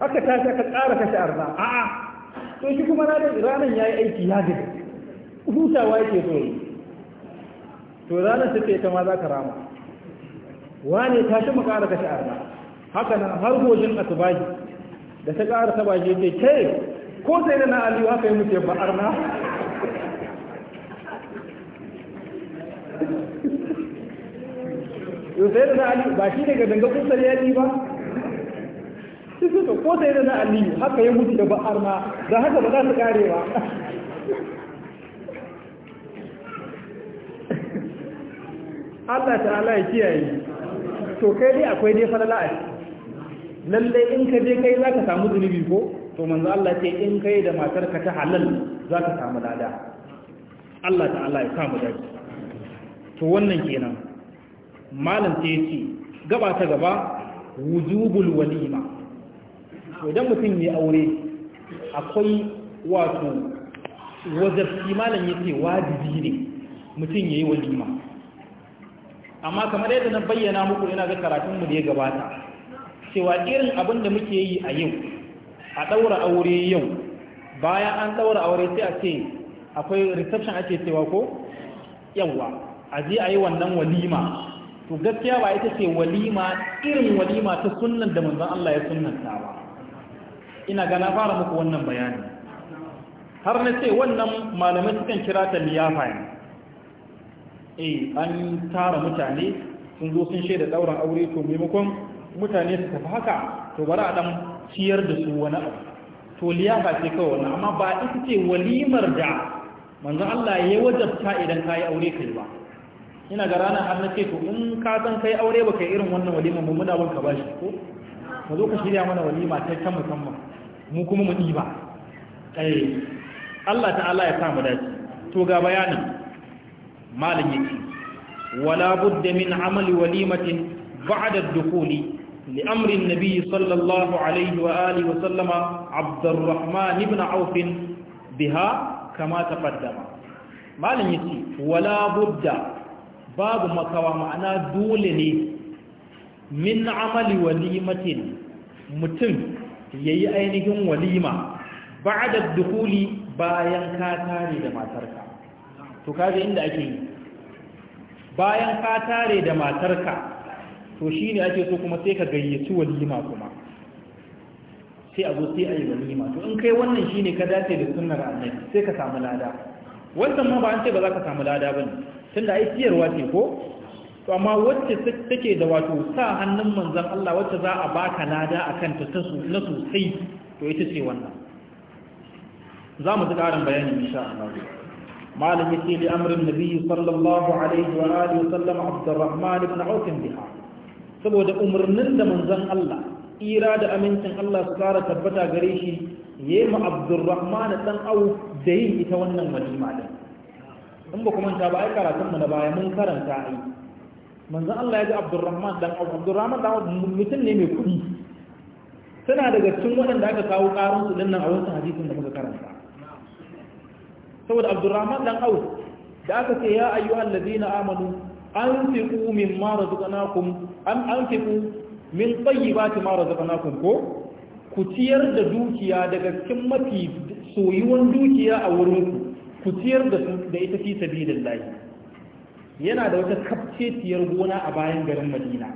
aka ce aka tsara kashe arna a'a to shi kuma ranar ya yi aiki ya gaba hutawa yake zo to ranar ta ce ta ma za ka rama wane ta shi makara kashe arna haka nan har gojin tubaji da ta ƙara taba je ce ke ko sai da na aliyu haka yi muke ba'ar na yau sai da na aliyu ba shi daga dangar kusur ya ba su suka ko sai da na aliyu haka yi mutu ba'ar na da haka ba za su ƙare ba Allah ta'ala ya kiyaye to kai dai akwai dai falala a Lallai in ka je kai za ka samu zunubi ko to manzo Allah ce in kai da matarka ta halal za ka samu lada Allah ta'ala ya samu dadi. to wannan kenan malam ta ya gaba ta gaba wujubul walima to idan mutum ya aure akwai wato wazarci malam ya ce wajibi ne mutum yayi walima amma kamar yadda na bayyana muku yana ga karatun mu da ya gabata cewa irin abin da muke yi a yau a ɗaura aure yau bayan an ɗaura aure sai a ce akwai reception ake cewa ko yawa a je a yi wannan walima to gaskiya ba ita ce walima irin walima ta sunan da manzon Allah ya sunnanta ba ina gana fara muku wannan bayani har na ce wannan malamai sukan kira ta liyafa ne eh an tara mutane sun zo sun shaida ɗaurin aure to maimakon mutane su tafi haka to bari a ɗan ciyar da su wani abu to liyafa ce kawai wannan amma ba ita ce walimar da manzo Allah ya wajabta idan kai aure kai ba ina ga ranar har na to in ka san kai aure ba kai irin wannan walima mu muna ban ka bashi ko ka zo ka shirya mana walima ta can musamman mu kuma mu ɗiba eh Allah ta'ala ya sa mu dace to ga bayanin malin yake wala budda min amali walimatin ba'da ad-dukhuli لأمر النبي صلى الله عليه وآله وسلم عبد الرحمن بن عوف بها كما تقدم ما لن يتي ولا بد باب مكوى معنا دولني من عمل وليمة متم يي أينهم وليمة بعد الدخول bayan ka tare da matarka to kaje inda ake yi bayan ka tare da matarka to shi ne ake so kuma sai ka gayyaci walima kuma sai a zo sai a yi walima to in kai wannan shi ne ka dace da sunnar annabi sai ka samu lada wannan ma ba an ce ba za ka samu lada ba ne tunda ai siyarwa ce ko to amma wacce take da wato sa hannun manzon Allah wacce za a baka lada akan ta ta na sosai to ita ce wannan za mu ji ƙarin bayani insha Allah malam yace li amrin nabi sallallahu alaihi wa alihi wa sallam abdurrahman biha saboda umarnin da manzon Allah ira da amincin Allah su kara tabbata gare shi yayi mu Abdurrahman dan awu da yin ita wannan walima din in ba kuma ta ba ai karatun mu na baya mun karanta ai manzon Allah ya ga Abdurrahman dan Auf Abdurrahman dan awu mutum ne mai kuɗi tana daga cikin waɗanda aka kawo ƙarun su dinnan a wannan hadisin da muka karanta saboda Abdurrahman dan awu da aka ce ya ayyuhal ladina amanu anfiqu ma razaqnakum an anfiqu min tayyibati ma razaqnakum ko ku ciyar da dukiya daga cikin mafi soyuwan dukiya a wurin ku ciyar da su da ita fi sabilillah yana da wata kafceciyar gona a bayan garin Madina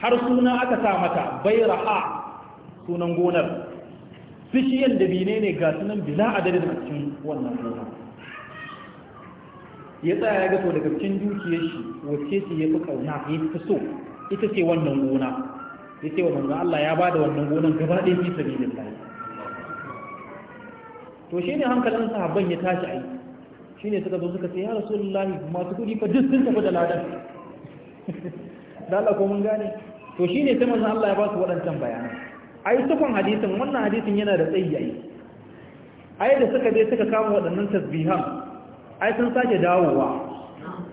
har suna aka sa mata bayraha sunan gonar fishiyan da bine ne ga sunan bila adadin a cikin wannan gona ya tsaya ya gato daga cikin dukiyar shi wace ce ya fi kauna ya fi so ita ce wannan gona ya ce wa manzo Allah ya bada wannan gonan gaba ɗaya fi sabilin lahi to shine hankalin sahabban ya tashi ai shine suka zo suka ce ya rasulullahi masu kuɗi fa duk sun tafi da ladan da ko mun gane to shine sai manzo Allah ya ba su waɗancan bayanan ai tukun hadisin wannan hadisin yana da tsayi ai ai da suka je suka kama waɗannan tasbihan ai sun sake dawowa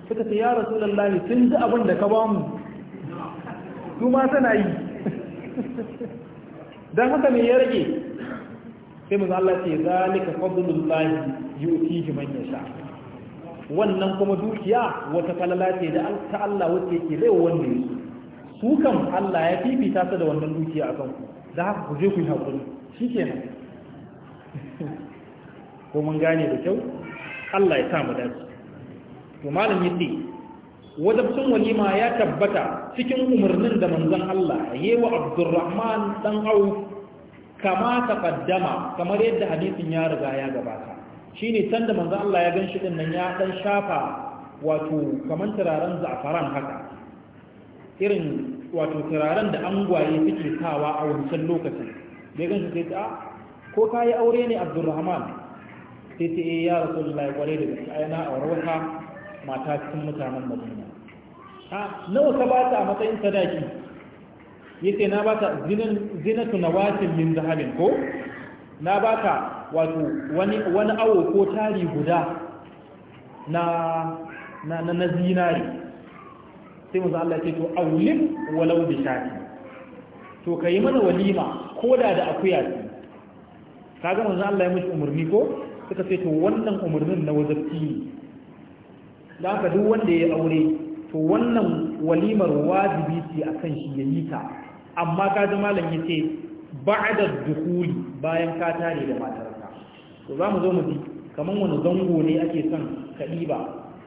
suka ce ya rasulallah sun ji abin da ka ba mu su ma tana yi don haka mai ya rage sai mu Allah ce za yi fadlullahi yu'tihi manya sha. wannan kuma dukiya wata falala ce da ta Allah wacce ke zai wanda yi su kan Allah ya fifita su da wannan dukiya akan ku Za haka ku je ku yi hakuri nan. ko mun gane da kyau Allah ya sa mu dace to malam yace wani walima ya tabbata cikin umarnin da manzon Allah yewa Abdurrahman dan Auf kama taqaddama kamar yadda hadisin ya riga ya gabata shine tanda manzon Allah ya ganshi din nan ya dan shafa wato kaman turaren za'faran haka irin wato turaren da angwaye suke sawa a wancan lokacin da ya ganshi sai ta ah, ko kayi aure ne Abdurrahman sai ta yi ya rasu lullahi kwarai da gaske aina a aure mata cikin mutanen madina a nawa ka ba ta a matsayin sadaki ya ce na ba ta zinatu na wasin min zahabin ko na ba ta wato wani awo ko tari guda na na na zinari sai mu Allah ce to aulim walau bi shafi to kai mana walima koda da akuya ce kaga gama Allah ya mishi umarni ko suka ce to wannan umarnin na wazarci ne da aka duk wanda ya aure to wannan walimar wajibi ce a kan shi ya yi ta amma ka ji malam ya ce ba'adar dukuli bayan ka tare da matarka to za mu zo mu ji kamar wani zango ne ake son ka ɗiba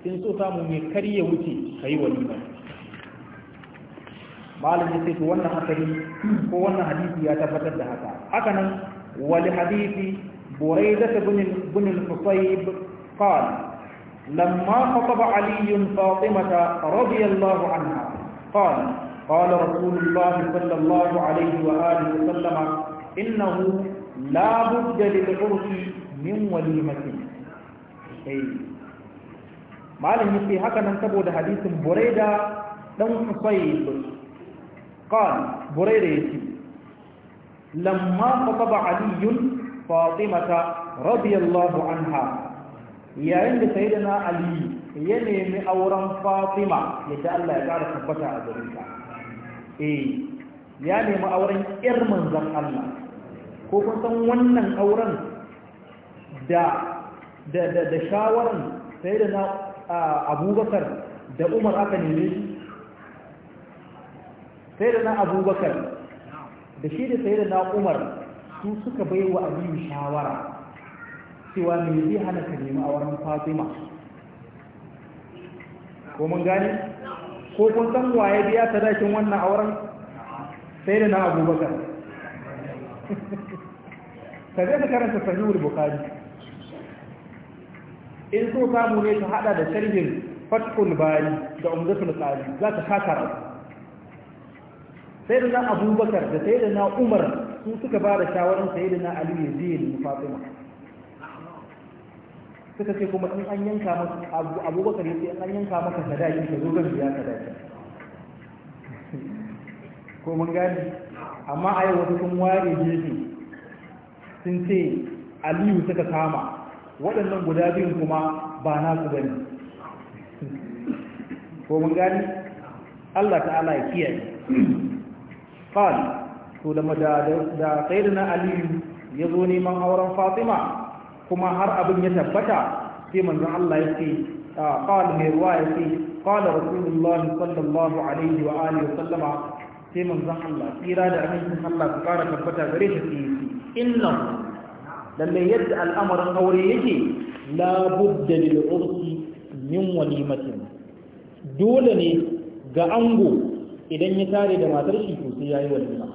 in so samu mai karya wuce ka yi walimar malam ya ce to wannan asali ko wannan hadisi ya tabbatar da haka haka nan wali hadisi بريدة بن بن الحصيب قال لما خطب علي فاطمة رضي الله عنها قال قال رسول الله صلى الله عليه وآله وسلم إنه لا بد للعرس من وليمة أي معلم يسي هكذا ننتبه لحديث بريدة دون حصيب قال بريدة يسي لما خطب علي fatimata radiyallahu anha yayin da sayyidina ali ya nemi auren fatima yadda Allah ya kara tabbata a gare eh ya nemi auren ƴar manzon Allah ko kun san wannan auren da da da, da shawaran sayyidina Abubakar da Umar aka nemi sayyidina Abubakar da shi da sayyidina Umar su suka bai wa abin shawara cewa mai zai hana ka nemi a wurin fatima ko mun gane ko kun san waye biya ta dakin wannan auren sai da na abubakar ka zai ka karanta wuri bukhari in so samu ne ta hada da sharhin fatkul bari da umdatul qari za ta kakara sai da na abubakar da sai da na umar su suka ba da shawarar sayyidina ali ya je ne fatima suka ce kuma in an yanka maka abubakar ya ce in an yanka maka sadaki ka zo zan biya sadaki ko mun gani amma a yau wasu sun ware gefe sun ce aliyu suka kama waɗannan guda biyun kuma ba na su bane ko mun gani Allah ta'ala ya kiyaye to da da sayyidina ali ya zo neman auren fatima kuma har abin ya tabbata sai manzon Allah ya ce ah, qala mai ruwa ya qala rasulullah sallallahu alaihi wa alihi wa sallama sai manzon Allah tsira da amincin Allah su fara tabbata gare shi sai inna lalle yadda al'amarin aure yake la budda lil ursi min walimatin dole ne ga ango idan ya tare da matar shi to sai yayi walima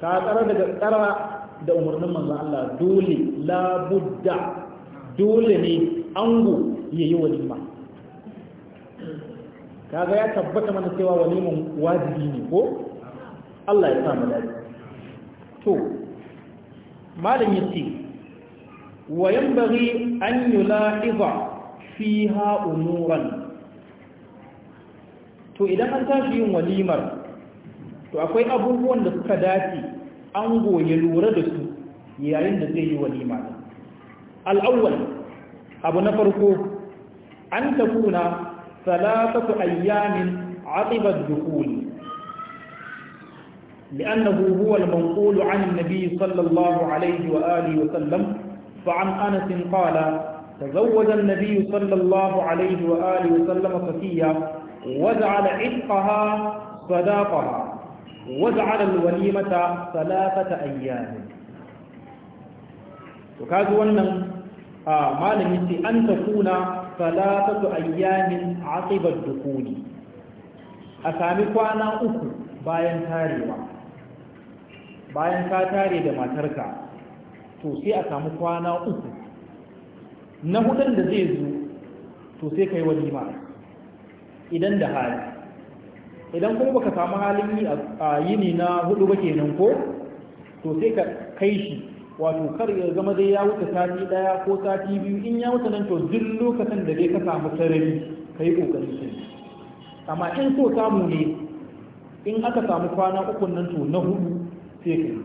ka tsara daga tsara da umarnin manzo Allah dole la budda dole ne ango yayi yi walima kaga ya tabbata mana cewa walimin wajibi ne ko Allah ya mu dai to malam yace wa yanbaghi an yula'iza fiha umuran to idan an tashi yin walimar to akwai abubuwan da suka dace an goye lura da su yayin da zai yi walima da al'awwal abu na farko an ta salatatu ayyamin aqibat dukhuli لأنه هو المنقول عن النبي صلى الله عليه وآله وسلم فعن أنس قال تزوج النبي صلى الله عليه وآله وسلم صفية وجعل عتقها صداقها waj'ala al-walimata thalathata ayyam to kaji wannan a malami ce an takuna thalathatu ayyamin aqiba ad-dukuni a sami kwana uku bayan tarewa bayan ka tare da matarka to sai a sami kwana uku na hudun da zai zo to sai kai walima idan da hali idan kuma baka samu halin yi a a yini na hudu ba kenan ko to sai ka kai shi wato kar ya zama dai ya wuce sati daya ko sati biyu in ya wuce nan to duk lokacin da dai ka samu sarari ka yi kokarin shi amma in so samu ne in aka samu kwana uku nan to na hudu sai ka yi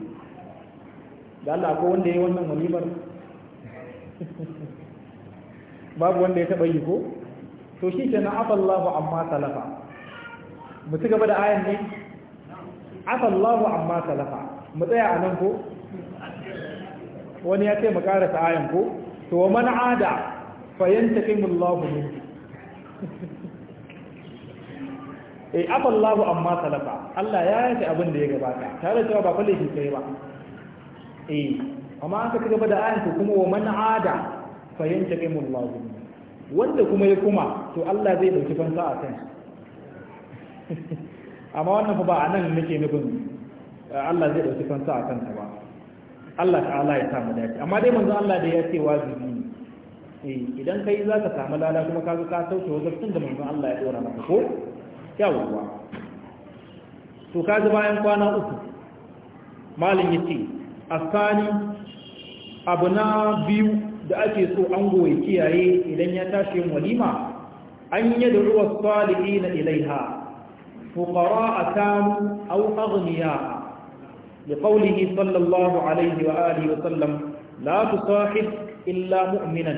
da Allah ko wanda ya yi wannan walimar babu wanda ya taba yi ko to shi kenan aballahu amma talafa mu ci gaba da ayan ne afa Allahu amma salafa mu tsaya a nan ko wani ya ce mu ta ayan ko to wa man ada fa yantaqimu Allahu min eh afa Allahu amma salafa Allah ya yanke abin da ya gabata tare da cewa ba kullai shi kai ba eh amma aka gaba da ayan ko kuma wa man ada fa yantaqimu Allahu wanda kuma ya kuma to Allah zai dauki fansa a kan amma wannan ba a nan nake nufin eh, Allah zai ɗauki kansa a kanta ba Allah ta'ala ya samu dace amma dai manzo Allah da ya ce wajibi ne Eh idan kai za ka samu lada kuma ka ka sauke wajibin da manzo Allah ya dora maka ko yawwa to ka ji bayan kwana uku malin yace asani abuna biyu da ake so an goyi kiyaye idan ya tashi yin walima an yi da ruwa salihina ilaiha فقراء كانوا أو أغنياء لقوله صلى الله عليه وآله وسلم لا تصاحب إلا مؤمنا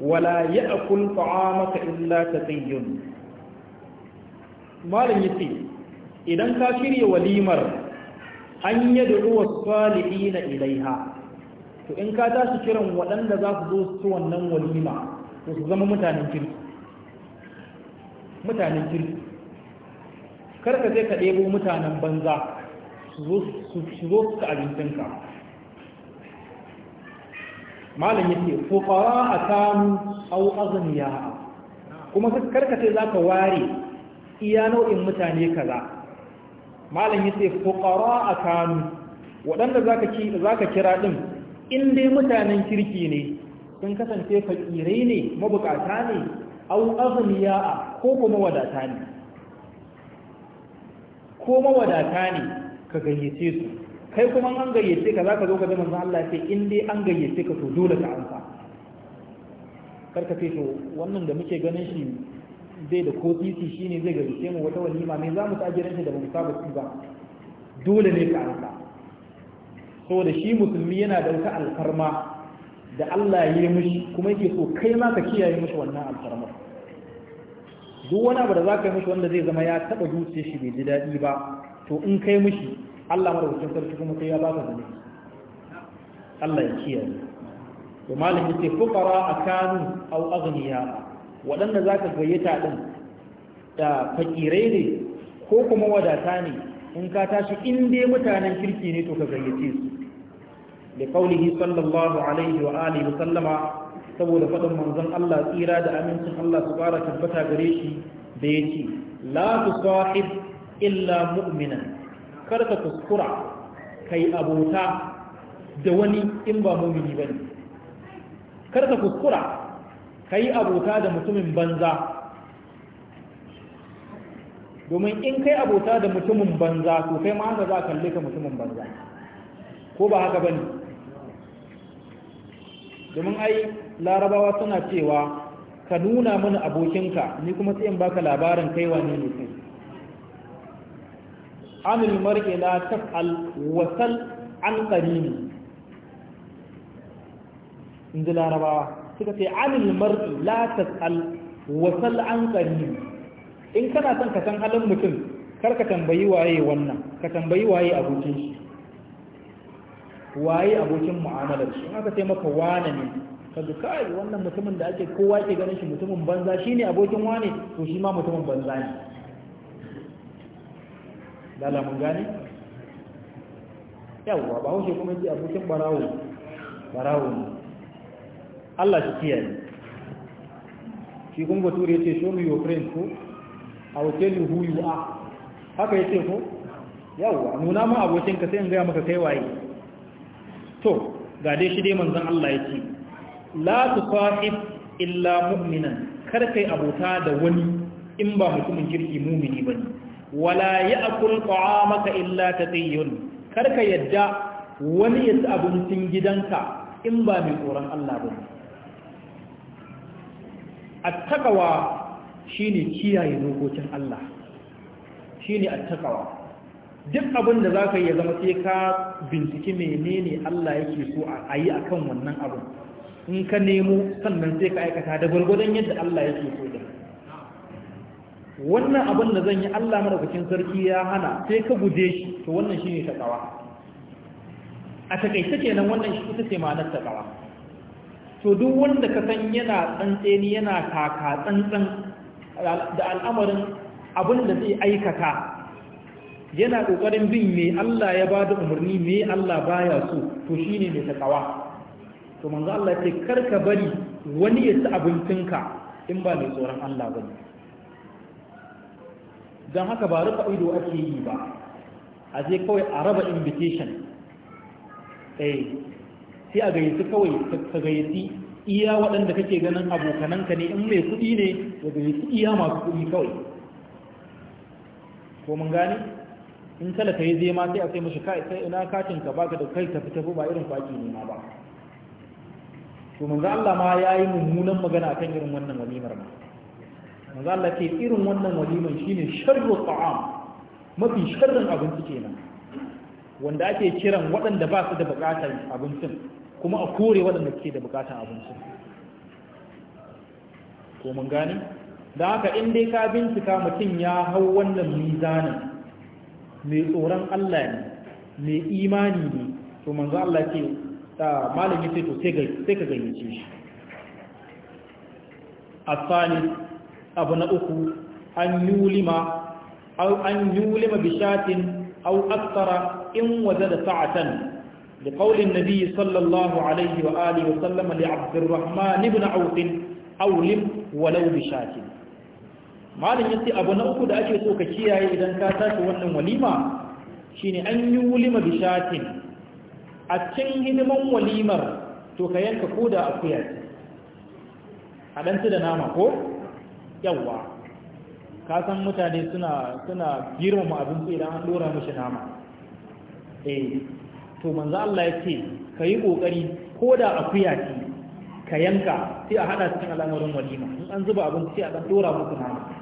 ولا يأكل طعامك إلا تقي مالن يتي idan ka shirya walimar an yi da ruwa ilaiha to in ka tashi kiran waɗanda za su zo su wannan walima to su zama mutanen kirki mutanen kirki kar ka ka ɗebo mutanen banza su zo su abincinka malam yake fukara a samu au azniya kuma sai za ka ware iya nau'in mutane kaza malam yace fukara a kanu waɗanda za ka kira ɗin in dai mutanen kirki ne sun kasance fakirai ne mabukata ne au azniya ko kuma wadata ne ko mawadata ne ka gayyace su kai kuma an gayyace ka zaka zo ka zama manzon Allah ce in dai an gayyace ka to dole ka amsa karka ce to wannan da muke ganin shi zai da ko titi shine zai gayyace mu wata walima ne zamu ta jiran shi da mu saba ba dole ne ka amsa saboda shi musulmi yana da wata alfarma da Allah ya yi mishi kuma yake so kai ma ka kiyaye mishi wannan alfarmar duk wani abu da za ka yi mishi wanda zai zama ya taɓa dutse shi bai ji daɗi ba to in kai mishi Allah madaukakin sarki kuma sai ya ba ka zunubi Allah ya kiyaye to malam yace fuqara akanu aw aghniya waɗanda zaka gayyata din da fakirai ne ko kuma wadata ne in ka tashi in dai mutanen kirki ne to ka gayyace su da kaulihi sallallahu alaihi wa alihi sallama saboda faɗin manzon Allah tsira da amincin Allah su fara tabbata gare shi da ya ce la tu sahib illa mu'minan kar ka kuskura kai abota da wani in ba kuskura kai abota da mutumin banza domin in kai abota da mutumin banza to kai ma haka za a kalle ka mutumin banza ko ba haka bane domin ai larabawa suna cewa ka nuna mana abokinka ni kuma sai in baka labarin kai wani ne kai amil marke la taf'al wasal an qarini inda larabawa suka ce amil marke la taf'al wasal an qarini in kana son ka san halin mutum kar ka tambayi waye wannan ka tambayi waye abokin shi waye abokin mu'amalar shi aka sai maka wane ne ka kai wannan mutumin da ake kowa ke ganin shi mutumin banza shine abokin wane to shi ma mutumin banza ne dala mun gane yawa ba haushe kuma ji abokin barawo barawo ne Allah shi kiyaye shi kun bature yace show me your friend ko A will tell you who you are haka yace ko yawa nuna mun abokin ka sai in ga maka kai waye to ga dai shi dai manzon Allah ya ce la tusahib illa mu'minan kar kai abota da wani in ba mutumin kirki mumini ne, wala yi ya'kul ta'amaka illa taqiyyun kar ka yadda wani ya ci abincin gidanka in ba mai tsoron Allah a at-taqwa shine kiyaye dokokin Allah shine at-taqwa duk abin da za ka yi zama sai ka binciki menene Allah yake so a yi akan wannan abin in ka nemo sannan sai ka aikata da gwargwadon yadda Allah yake so da wannan abin da zan yi Allah madaukakin sarki ya hana sai ka guje shi to wannan shine takawa a takaice kenan wannan shi ita ce ma'anar takawa to duk wanda ka san yana tsantseni yana kaka tsantsan da al'amarin abin da zai aikata yana kokarin bin me Allah ya ba da umarni me Allah baya so to shine mai takawa to manzo Allah ce karka bari wani ya ci abincinka in ba mai tsoron Allah bane don haka ba rufa ido ake yi ba a je kawai a raba invitation eh sai a gayyaci kawai ka gayyaci iya waɗanda kake ganin abokananka ne in mai kuɗi ne ya gayyaci iya masu kuɗi kawai ko mun gane in talaka yi je ma sai a sai mashi kai sai ina katin ka baka da kai tafi tafi ba irin kwaki ne ma ba to manzo Allah ma yayi mummunan magana akan irin wannan walimar ma manzo Allah ke irin wannan waliman shine sharru ta'am mafi sharrin abinci kenan wanda ake kiran waɗanda ba su da buƙatar abincin kuma a kore waɗanda ke da buƙatar abincin ko mun gane da haka in dai ka bincika mutum ya hau wannan mizanin mai tsoron Allah ne mai imani ne to manza Allah ke ta malami sai to sai ka gayyace shi a abu na uku an yulima au an au aktara in wajada sa'atan da kaulin nabi sallallahu alaihi wa alihi wa sallama li abdurrahman ibn auf walau bi malin yace abu na uku da ake so ka kiyaye idan ka tashi wannan walima shine an yi bi shatin. a cikin hidiman walimar to ka yanka koda akuya a dan da nama ko yawa ka san mutane suna suna girmama abinci idan an dora mishi nama eh to manzo Allah yace yi kokari koda akuya ce ka yanka sai a hada cikin al'amarin walima in an zuba abinci sai a dan dora muku nama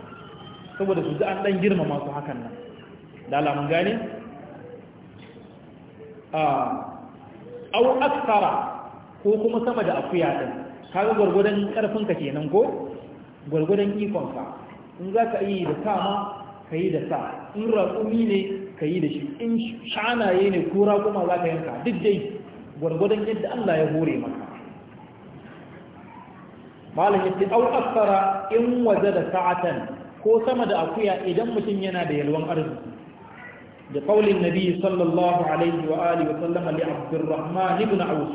saboda su ji an ɗan girma masu hakan nan da alamun gane au aksara ko kuma sama da akuya ɗin kaga gwargwadon ƙarfinka kenan ko gwargwadon ikonka in za ka yi da ma ka yi da sa in raƙumi ne ka yi da shi in shanaye ne ko raƙuma za ka yanka duk dai gwargwadon yadda Allah ya hore maka malam yace au aksara in waje da sa'atan ko sama da akuya idan mutum yana da yalwan arziki da kaulin nabi sallallahu alaihi wa alihi wa sallama li abdurrahman ibn auf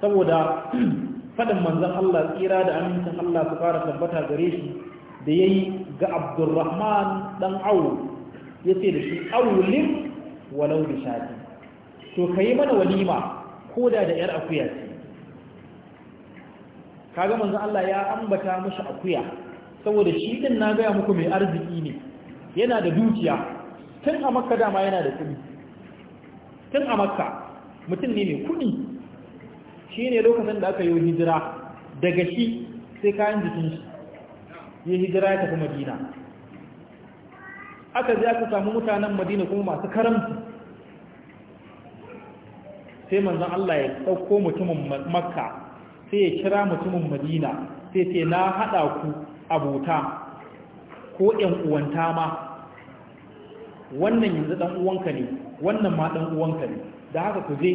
saboda fadin manzon Allah tsira da amincin Allah su fara tabbata gare shi da yayi ga abdurrahman dan au yace da shi awlim walau bi shati to kai mana walima koda da yar akuya ce kaga manzon Allah ya ambata mashi akuya saboda shi din na gaya muku mai arziki ne yana da dukiya tun a makka dama yana da kudi tun a makka mutum ne mai kudi shi ne lokacin da aka yi hijira daga shi sai kayan jikin shi ya hijira ya tafi madina aka zai aka samu mutanen madina kuma masu karamci sai manzan Allah ya ɗauko mutumin makka sai ya kira mutumin madina sai ce na haɗa ku abota ko ‘yan uwanta ma wannan yanzu ɗan uwanka ne wannan ma ɗan uwanka ne da haka ku je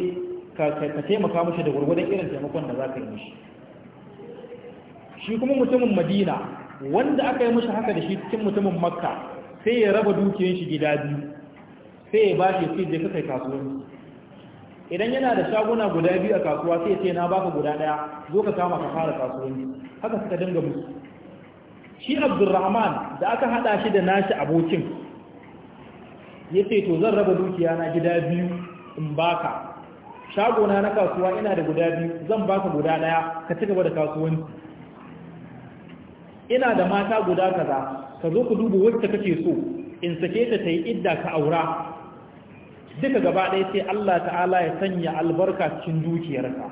ka taimaka mashi da gwargwadon irin taimakon da za ka yi mashi shi kuma mutumin madina wanda aka yi mashi haka da shi cikin mutumin makka sai ya raba dukiyar shi gida biyu sai ya bashi sai je ka kai kasuwanci idan yana da shaguna guda biyu a kasuwa sai ya ce na baka guda daya zo ka kama ka fara kasuwanci haka suka dinga musu shi abdurrahman da aka hada shi da nashi abokin ya ce to zan raba dukiya na gida biyu in baka shagona na kasuwa ina da guda biyu zan baka guda daya ka ci gaba da kasuwanci ina da mata guda kaza ka zo ku duba wacce kake so in sake ta ta yi idda ka aura duka gaba ɗaya sai Allah ta'ala ya sanya albarka cikin dukiyarka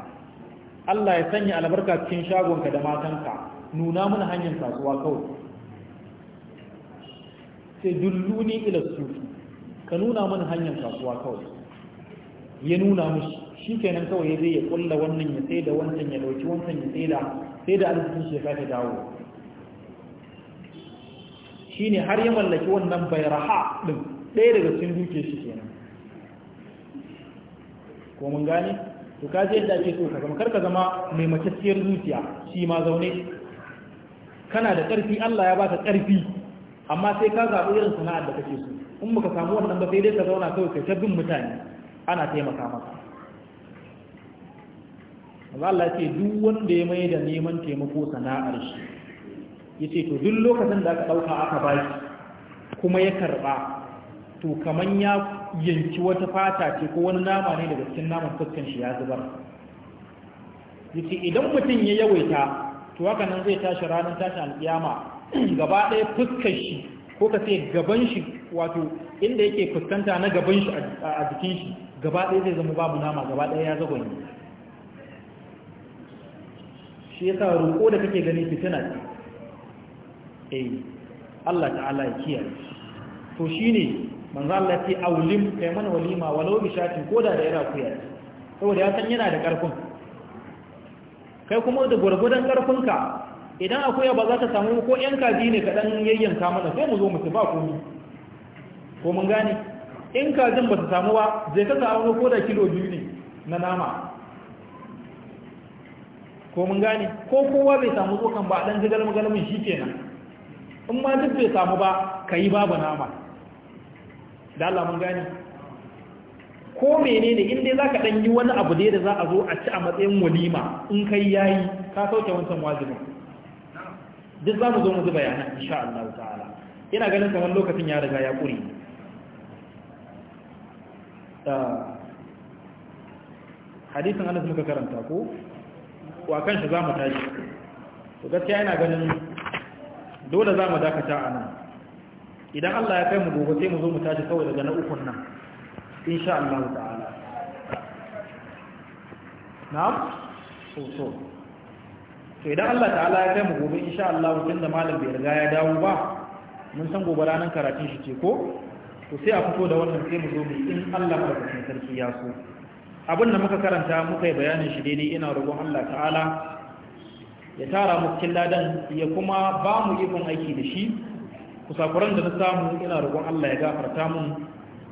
Allah ya sanya albarka cikin shagonka da matanka nuna mana hanyar kasuwa kawai sai dulluni ila sufi ka nuna mana hanyar kasuwa kawai ya nuna mushi shi kenan kawai ya zai ya kulla wannan ya sai da wancan ya dauki wancan ya sai da sai da arzikin shi ya sake dawo ne har ya mallaki wannan bayraha din ɗaya daga cikin duke shi kenan ko mun gane to ka je yadda ake so ka zama kar ka zama mai matacciyar zuciya shi ma zaune kana da ƙarfi Allah ya ba baka ƙarfi amma sai ka zaɓi irin sana'ar da kake so in baka samu wannan ba sai dai ka zauna kawai kai ta bin mutane ana taimaka maka Allah ce duk wanda ya mai da neman taimako sana'ar shi ya ce to duk lokacin da aka ɗauka aka ba shi kuma ya karɓa to kaman ya yanki wata fata ce ko wani nama ne daga cikin naman fuskan shi ya zubar ya idan mutum ya yawaita to haka nan zai tashi ranar tashin alkiyama gaba ɗaya fuskar shi ko ka ce gaban shi wato inda yake fuskanta na gaban shi a jikin shi gaba ɗaya zai zama babu nama gaba ɗaya ya zagon yi shi sa roƙo da kake gani fitina ce eh Allah ta'ala ya kiyaye to ne manzo Allah ya ce aulim kai mana walima walau bi shatin koda da yana kuya saboda ya san yana da karfin kai kuma da gwargwadon ƙarfinka idan akwai ba za ta samu ko ‘yan kaji ne kaɗan yayyanka mana sai mu zo mu ba komi ko mun gane in kajin ba ta samu ba zai ta samu ko da kilo biyu ne na nama ko mun gane ko kowa bai samu tsokan ba ɗan jigar magalmin shi kenan in ma duk bai samu ba ka yi babu nama da Allah mun gane ko menene in dai zaka dan yi wani abu dai da za a zo a ci a matsayin walima in kai yayi ka sauke wancan wajibin duk za mu zo mu zuba yana insha Allah ta'ala ina ganin kamar lokacin ya riga ya kuri ah, hadisin Anas muka karanta ko wa kan shi zamu tashi to gaskiya ina ganin dole zamu dakata a nan idan Allah ya kai mu gobe sai mu zo mu tashi kawai daga na ukun nan insha Allah ta'ala na'am so so to idan Allah ta'ala ya kai mu gobe insha Allah tun da malam bai riga ya dawo ba mun san gobe ranar karatun shi ce ko to sai a fito da wannan sai mu zo mu in Allah madaukakin sarki ya so abin da muka karanta muka yi bayanin shi daidai ina roƙon Allah ta'ala ya tara mu cikin ladan ya kuma ba mu ikon aiki da shi kusakuran da na samu ina roƙon Allah ya gafarta mun